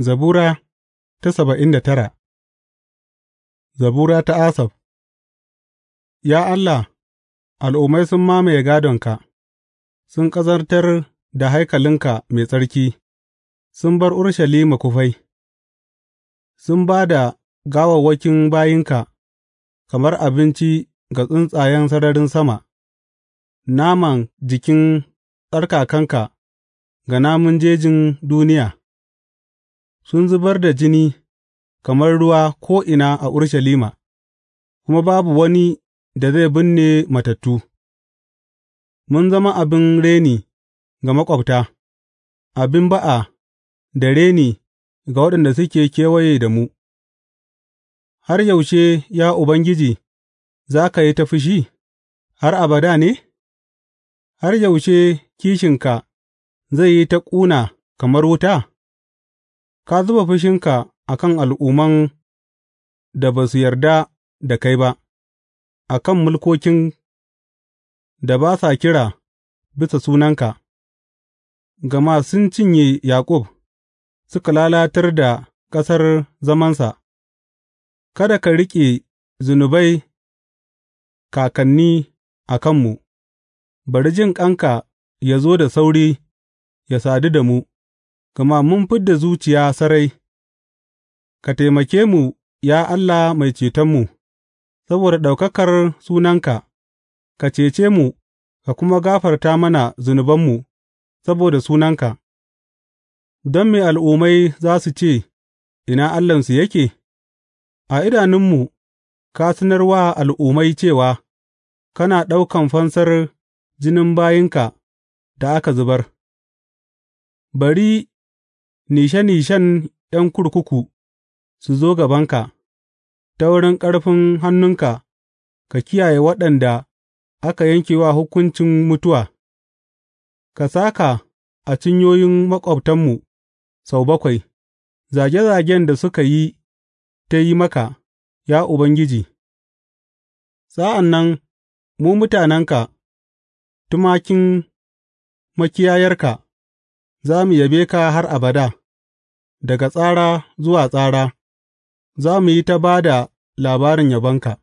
Zabura ta saba'in da tara Zabura ta Asaf Ya Allah, al'ummai sun mamaye gādonka, sun ƙazantar da haikalinka mai tsarki, sun bar urshalima kufai, sun ba da gawawwakin bayinka kamar abinci ga tsuntsayen sararin sama, naman jikin tsarkakanka ga namun jejin duniya. sun zubar da jini kamar ruwa ko'ina a Urushalima, kuma babu wani da zai binne matattu, mun zama abin reni ga maƙwabta, abin ba'a da reni ga waɗanda suke kewaye da mu, har yaushe, ya Ubangiji, za ka yi ta fushi, har abada ne? Har yaushe kishinka zai yi ta ƙuna kamar wuta? Ka zuba fushinka a kan al'umman da ba su yarda da kai ba, a kan mulkokin da ba sa kira bisa sunanka, gama sun cinye Yaƙub suka lalatar da ƙasar zamansa; kada ka riƙe zunubai kakanni a kanmu, bari jin ƙanka ya zo da sauri ya sadu da mu. Gama mun fid da zuciya sarai; ka taimake mu, ya Allah Mai Cetonmu, saboda ɗaukakar sunanka; ka cece mu ka kuma gafarta mana zunubanmu saboda sunanka, don me al'ummai za su ce, Ina Allahnsu yake?’ A idanunmu ka sanar wa al'ummai cewa kana ɗaukan fansar jinin bayinka da aka zubar; bari nishe nishen ’yan kurkuku su zo gabanka, ta wurin ƙarfin hannunka ka kiyaye waɗanda aka yanke wa hukuncin mutuwa, ka sāka a cinyoyin maƙwabtanmu sau bakwai, zage zagen da suka yi ta yi maka, ya Ubangiji, sa'an nan mu mutanenka, tumakin makiyayarka, za mu yabe ka har abada. daga tsara zuwa tsara za mu yi ta ba da labarin yabonka.